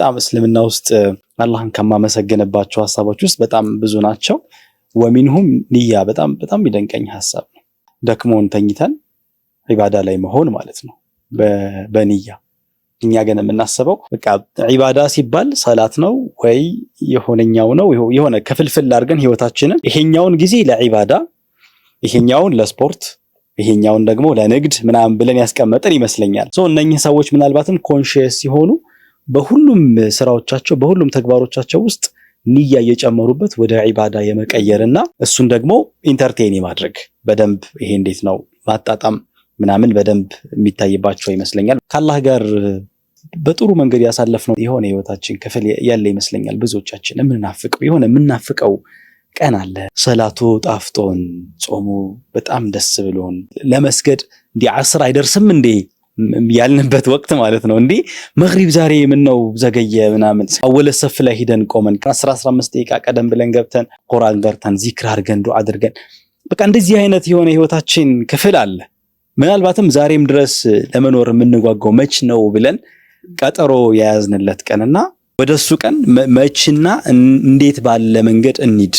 በጣም እስልምና ውስጥ አላህን ከማመሰግንባቸው ሀሳቦች ውስጥ በጣም ብዙ ናቸው። ወሚንሁም ንያ በጣም በጣም ይደንቀኝ ሀሳብ ነው። ደክሞን ተኝተን ዒባዳ ላይ መሆን ማለት ነው በንያ እኛ ግን የምናስበው በቃ ዒባዳ ሲባል ሰላት ነው ወይ የሆነኛው ነው የሆነ ክፍልፍል አድርገን ህይወታችንን ይሄኛውን ጊዜ ለዒባዳ፣ ይሄኛውን ለስፖርት፣ ይሄኛውን ደግሞ ለንግድ ምናምን ብለን ያስቀመጥን ይመስለኛል። እነኚህ ሰዎች ምናልባትም ኮንሽየስ ሲሆኑ በሁሉም ስራዎቻቸው በሁሉም ተግባሮቻቸው ውስጥ ንያ እየጨመሩበት ወደ ዒባዳ የመቀየር እና እሱን ደግሞ ኢንተርቴን የማድረግ በደንብ ይሄ እንዴት ነው ማጣጣም ምናምን በደንብ የሚታይባቸው ይመስለኛል። ከአላህ ጋር በጥሩ መንገድ ያሳለፍነው የሆነ ህይወታችን ክፍል ያለ ይመስለኛል። ብዙዎቻችን የምናፍቀው የሆነ የምናፍቀው ቀን አለ። ሰላቱ ጣፍጦን፣ ጾሙ በጣም ደስ ብሎን ለመስገድ እንዲህ አስር አይደርስም እንዴ ያልንበት ወቅት ማለት ነው። እንዲህ መግሪብ ዛሬ ነው ዘገየ ምናምን አወለ ሰፍ ላይ ሂደን ቆመን 15 ደቂቃ ቀደም ብለን ገብተን ቁርአን ገርተን ዚክር አድርገን ዱዓ አድርገን በቃ እንደዚህ አይነት የሆነ ህይወታችን ክፍል አለ። ምናልባትም ዛሬም ድረስ ለመኖር የምንጓጓው መች ነው ብለን ቀጠሮ የያዝንለት ቀንና ወደሱ ቀን መችና እንዴት ባለ መንገድ እንሂድ